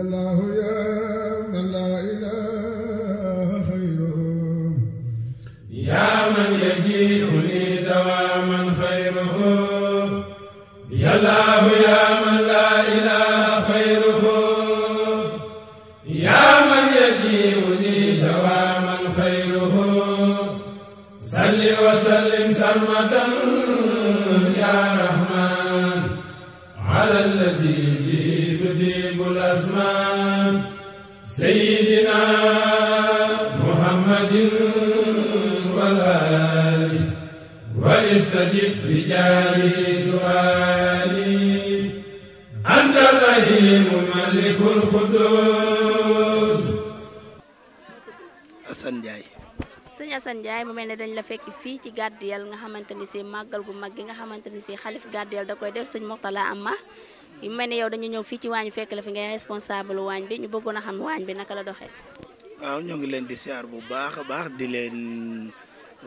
الله يا من لا إله خيره يا من يجيء لي دواما خيره يا الله يا من لا إله خيره يا من يجيء دواما خيره سل وسلم سرمدا يا رحمن على الذي استجب رجالي سؤالي أنت الرحيم الملك القدوس Assane Ndiaye sëñ Assane Ndiaye mu mel dañ la fekk fii ci gàddiyal nga xamante ni si gu mag gi nga xamante ni si xalif gàddiyal da koy def sëñ Mourtala Amma yu mel yow dañu ñëw fii ci waañ fekk la fi ngay responsable bi ñu xam bi naka la waaw ngi leen di bu baax baax di leen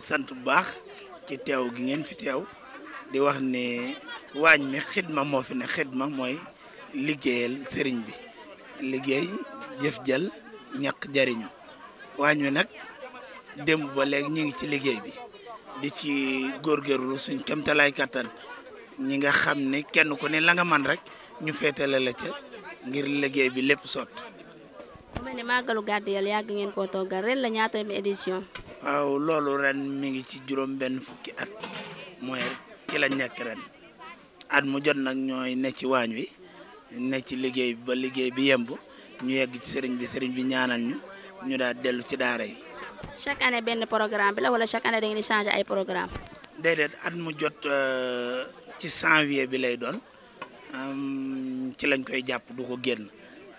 sant bu baax ci teew gi ngeen fi teew di wax ne waañ mi xidma moo fi ne xidma mooy liggéeyal sëriñ bi liggéey jëf jël ñaq jariñu waañ wi nag démb ba léegi ñu ngi ci liggéey bi di ci góor góorgóorlu suñ kemtalaay kàttan ñi nga xam ne kenn ku ne la nga man rekk ñu féetale la ca ngir liggéey bi lépp sot waaw loolu ren mi ngi ci juróom benn fukki at mooy ci la nekk ren at mu jot nag ñooy ne ci waañ wi ne ci liggéey ba liggéey bi yemb ñu yegg ci sëriñ bi sëriñ bi ñaanal ñu ñu daal dellu ci daara yi. chaque année benn programme bi la wala chaque année da ngeen di changer ay programme déedéet at mu jot euh, ci janvier bi lay doon ci lañ koy jàpp du ko génn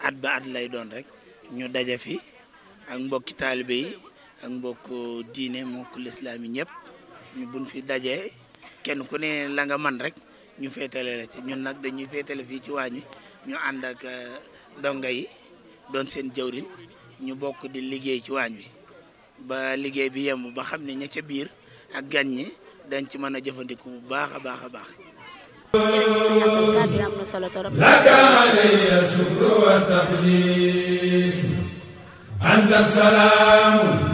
at ba at lay doon rek ñu daje fi ak mbokki taalibe yi. ak mbokk diine mbokk lislaam yi ñëpp ñu buñ fi dajee kenn ku ne la nga man rek ñu féetale la ci ñun nag dañuy féetale fii ci waañ wi ñu ànd ak euh, donga yi doon seen jëwriñ ñu bokk di liggéey ci waañ wi ba liggéey bi yemb ba xam ne ña ca biir ak gan ñi dañ ci mën a jëfandiku bu baax a baax a baax am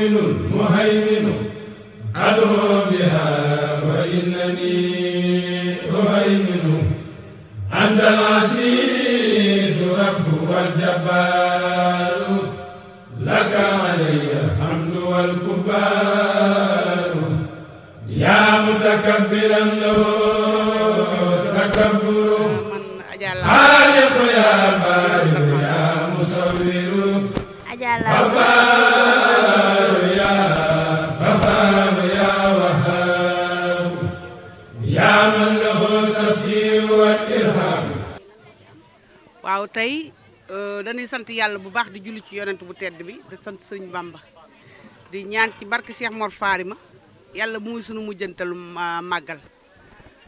مؤمن مهيمن أدعو بها وإنني أهيمن أنت العزيز رب والجبار لك علي الحمد والكبار يا متكبرا له تكبر tey euh, dañuy sant yàlla bu baax di julli ci yonent bu tedd bi di sant sëñ Bamba di ñaan ci barke Cheikh Mor ma yàlla muy sunu ma màggal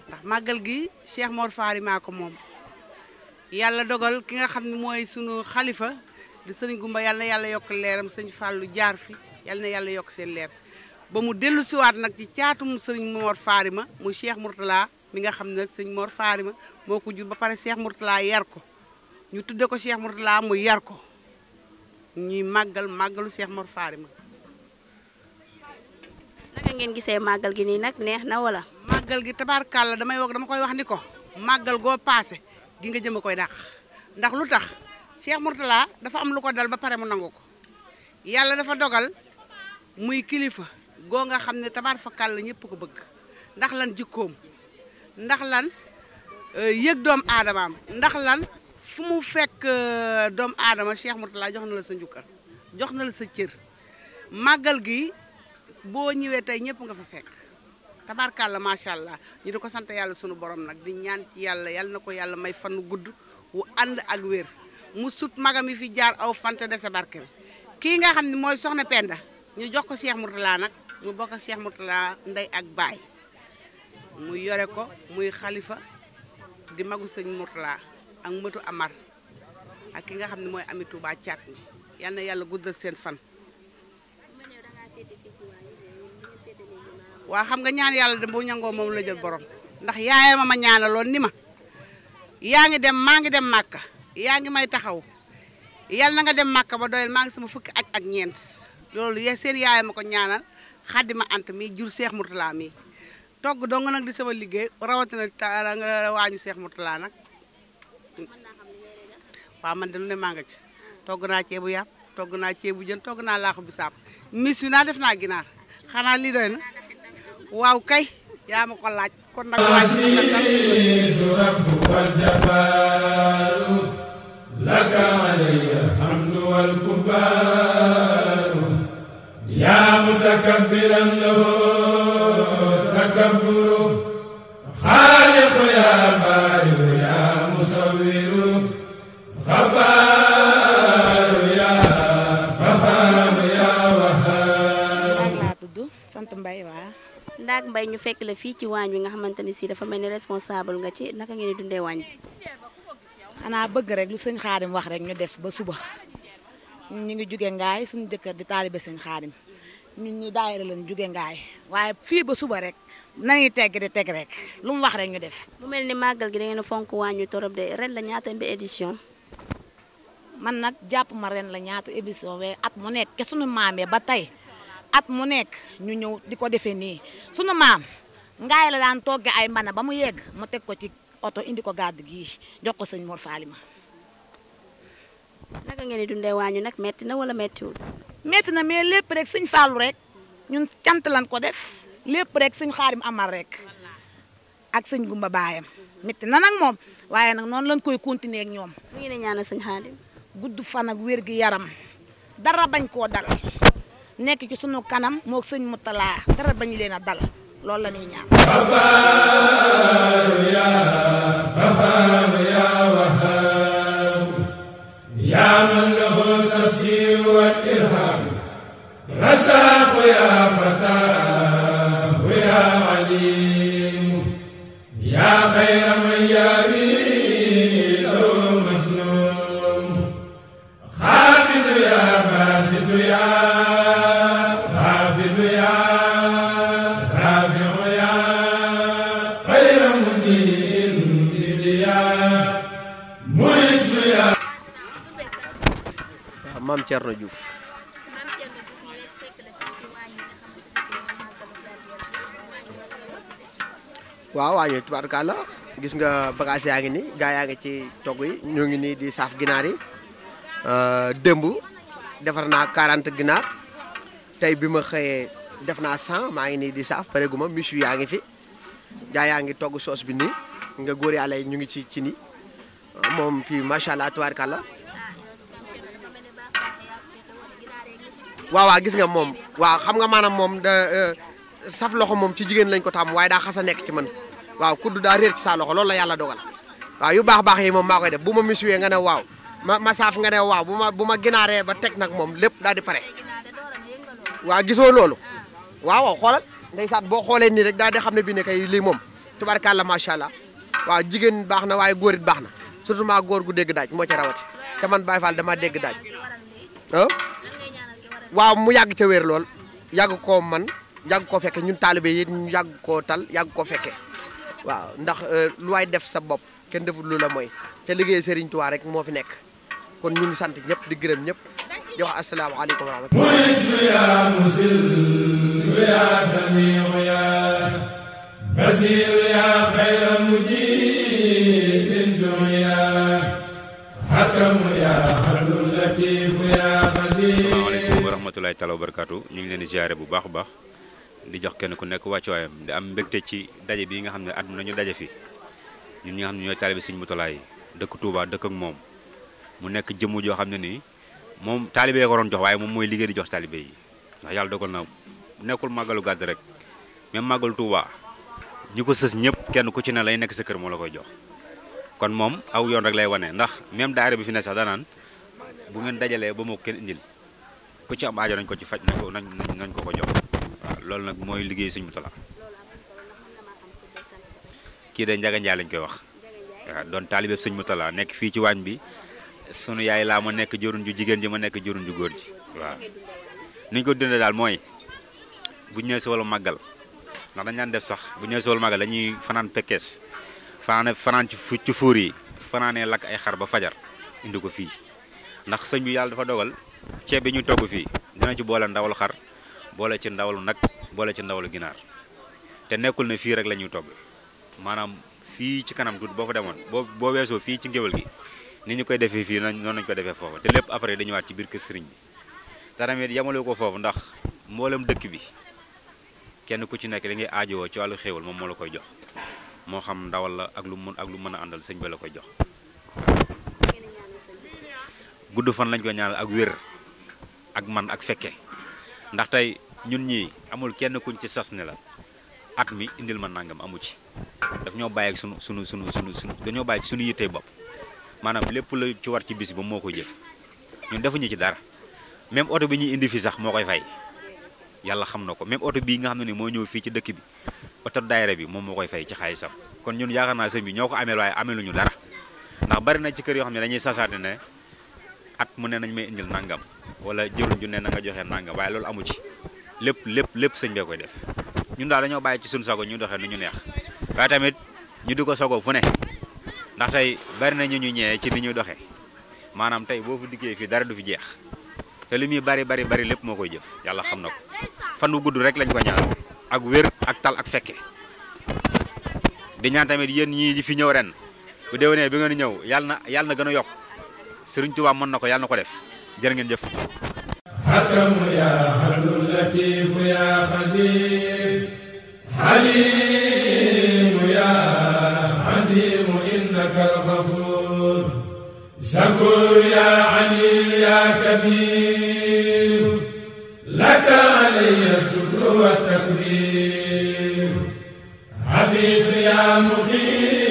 ndax màggal gi Cheikh Mor Faarima ko moom yàlla dogal ki nga xam ne mooy sunu xalifa di sëriñ Gumba yàlla yàlla yokk leeram sëñ Fàllu jaar fi yàlla na yàlla yokk seen leer ba mu dellu siwaat nag ci caatum sëriñ moor Mor Faarima muy Cheikh Mourtala mi nga xam ne nag moor Mor ma moo ko jur ba pare Cheikh Mourtala yar ko ñu tuddee ko Cheikh la mu yar ko ñuy magal magalu Cheikh Mor farima naka ngeen gisee magal gi ni nak neex na wala. magal gi tabarakallah damay wax dama koy wax ni ko magal goo paase gi nga jëm koy dakh ndax lutax cheikh Cheikh la dafa am luko dal ba paré mu nangoko yalla dafa dogal muy kilifa go nga xam tabarakallah ñepp ko bëgg ndax lan jikkoom ndax lan eh, doom adamam ndax lan fumu fekk euh, dom aadama Cheikh murtala jox na la sa njukkal jox na la sa cieur magal gi bo ñewé tay ñepp nga fa fekk tabarakallah machallah allah ñu diko sante yalla suñu borom nak di ñaan ci yalla yalla nako yalla may fanu gudd wu and ak wër mu sut magam yi fi jaar aw fante de sa barké ki nga xamni moy soxna Penda ñu jox ko Cheikh murtala nak mu bokk Cheikh murtala nday ak bay mu yoré ko muy khalifa di magu seigne murtala ak matu amar ak ki nga xamni moy ami Touba caat ni yal yalla guddal sen fan wa xam nga ñaan yalla de bo ñango mom la jël borom ndax yaayama ma ñaanaloon ni ma yaa dem maangi dem makka yaangi may taxaw yalla nga dem makka ba doyal maangi sama fukk acc ak ñeent ye sen yaayama ko ñaanal khadima ant mi jur cheikh Murtala mi togg dong nak di sama ta nga wañu cheikh Murtala nak waaw man de lu ne maa nga ci togg naa ceebu yàpp togg naa ceebu jën togg naa laaxu bisaab mis yu naa def naa ginaar xanaa lii doy na waaw kay yaa ma ko laaj kon nag laka alayhi alhamdu wal kubbaaru yaa mutakabbiran lahu takabburu ndak mbay ñu fekk la fi ci waañ wi nga xamanteni ne si dafa melni responsable nga ci naka ngeen di dundé waañ xana bëgg rek lu señ xadim wax rek ñu def ba suba ñi ngi juggé ngaay suñu jëkkër di talibé señ xadim ñun ñi daayira lañ juggé ngaay waye fi ba suba rek nañu tégg di tégg rek lu mu wax rek ñu def bu melni magal gi da ngeen fonk waañ wi torop de ren la ñaata mbé édition man nak japp ma ren la ñaata émission wé at mu nekk ke suñu mamé ba tay at mu nekk ñu ñëw di ko defee nii sunu maam ngaay la daan togge ay mbana ba mu yegg mu teg ko ci oto indi ko gàdd gii jox ko sëñ Mor Faalima naka ngeen di dundee waañu nag metti na wala mettiwul metti na mais lépp rek sëñ Faalu rek ñun cant lan ko def lépp rek sëñ Xaadim Amar rek ak sëñ Gumba baayam metti na nag moom waaye nag noonu lañ koy continuer ak ñoom. mu ngi ne ñaanal sëñ Xaadim gudd fan ak wér gi yaram dara bañ koo dal. Nek ci sunu kanam moog seigne mutala dara bañu leena dal lol la ni ñaan. mam Thierno Diouf waaw waañu tubarkala gis nga bagage yaa ngi ni gaa yaa ci togu yi ñu ngi ni di saf ginaar yi euh, dembu defar na 40 ginaar tay bima ma def na 100 ngi di saf pareguma michu yaa ngi fi gaa yaa ngi togg soos bi ni nga góor yàlla ñu ngi ci ci ni euh, mom fi machallah waaw waaw gis nga moom waaw xam nga maanaam moom da euh, saf loxo moom ci jigéen lañ ko tàmm waaye daa xas nekk ci man waaw kudd daa réer ci saa loxo loolu la yàlla dogal waaw yu baax baax yi moom maa koy def bu ma misuwee nga ne waaw ma ma saaf nga ne waaw bu ma bu ma ginaaree ba teg nag moom lépp daal di pare waaw gisoo loolu waaw waaw xoolal ndeysaan boo xoolee nii rek daal di xam ne bii ne kay lii moom tubarkàlla macha allah waaw jigéen baax na waaye góor it baax na surtout maa góor gu dégg daaj moo ci rawati te man Baye Fall dama dégg daaj waaw mu yag ci wér lol yag ko man yag ko fekke ñun talibé yi ñu yag ko tal yag ko fekke waaw ndax lu way def sa bop kenn deful lu la mooy ca liggéey Serigne Touba rek mo fi nek kon ñu ngi sant ñep di gërem ñep di wax assalamu alaykum wa rahmatullahi بصير يا خير مجيب الدنيا حكم يا حل اللطيف يا خبير rahmatullahi taala barkatu ñu ngi leen ziaré bu baax baax di jox kenn ku nekk waccu ayam di am mbekté ci dajé bi nga xamné ne at mu nañu daje fi ñun ñi xamné ñoy talibé ñooy taalibi sëñ mutulaay Touba dekk ak mom mu nekk jëm jo xamné ni mom talibé ko doon jox waye mom moy liggéey di jox talibé yi ndax yalla dogal na nekkul magalu gadd rek même magal Touba ñiko ko ñepp kenn ku ci ne lay nekk sa kër mo la koy jox kon mom aw yoon rek lay wone ndax même daara bi fi ne sax da nan bu ngeen dajalee ba mo ken indil ko ci am aajo nañ ko ci fajj nañ ko nañ nañ ko ko jox lool nak moy liggey seigne sëñ ki de Njaga Njaay lañ koy wax don talibé seigne sëñ nek fi ci wañ bi sunu yaay la mo nek jorun ju jigen ji ma nek jorun ju gor ji waaw niñ ko dundee dal moy bu ñëw ci wala magal ndax dañ ñaan def sax bu ñëw ci wala magal dañuy fanaan pekes fanaan fanaan ci fu ci fuur yi ay xar ba fajar indi ko fi ndax seigne bi yalla dafa dogal ci biñu fi, togg fi dina ci boole ndawul xar boole ci ndawul nak boole ci ndawul ginar té nekkul ne fi rek la togg manam fi ci kanam dut boko demone bo boo fi fi, ci ngéwél gi ni ñu koy défé fi non lañ ko défé fofu té lépp après dañu wat ci bir kër sëriñ bi te yamalé ko fofu ndax mbolam dëkk bi kenn ku ci nekk li ngay wo ci walu xéewal mom mo la koy jox mo xam ndawal la ak lu mën ak lu mëna andal sëñ koy jox guddu fan lañ ko ñaanal ak wër ak man ak fekke ndax tey ñun ñii amul kenn kuñ ci sas ne la at mi indil ma nangam amu ci daf ñoo bàyyi ak sunu sunu sunu sunu sunu dañoo bàyyi sunu yittee bopp maanaam lépp la ci war ci bis ba moo ko jëf ñun defuñu ci dara même oto bi ñu indi fii sax moo koy fay yàlla xam na ko même oto bii nga xam ne ni moo ñëw fii ci dëkk bi oto daayira bi moom moo koy fay ci xaalisam kon ñun yaakaar naa sëñ bi ñoo ko ameel waaye ameeluñu dara ndax bari na ci kër yoo xam ne dañuy sasaate at mu ne nañ may indil nangam wala jëruñ ju ne na nga joxe nangam waaye loolu amu ci lépp lépp lépp sëñ bee koy def ñun daal dañoo bàyyi ci suñu sago ñu doxee nu ñu neex waaye tamit ñu di ko sago fu ne ndax tey bari na ñu ñu ñëwee ci ni ñuy doxee maanaam tey boo fi liggéeyee fii dara du fi jeex te li muy bari bari bari lépp moo koy jëf yàlla xam na ko fan wu gudd rek lañ ko ñaan ak wér ak tal ak fekke di ñaan tamit yéen ñii fi ñëw ren bu déwénee bi ngeen ñëw yàlla na yàlla na gën a yokk Sëriñ Tuubaa mën na ko yàlla na ko def jërë ngeen jëf xakamu yaa xalul latiifu yaa xadiir xaliimu yaa xasiimu innaka alxafuur sakuur yaa aliim yaa kabiir laka alayya sukru wa takbiir xafiis yaa muqiim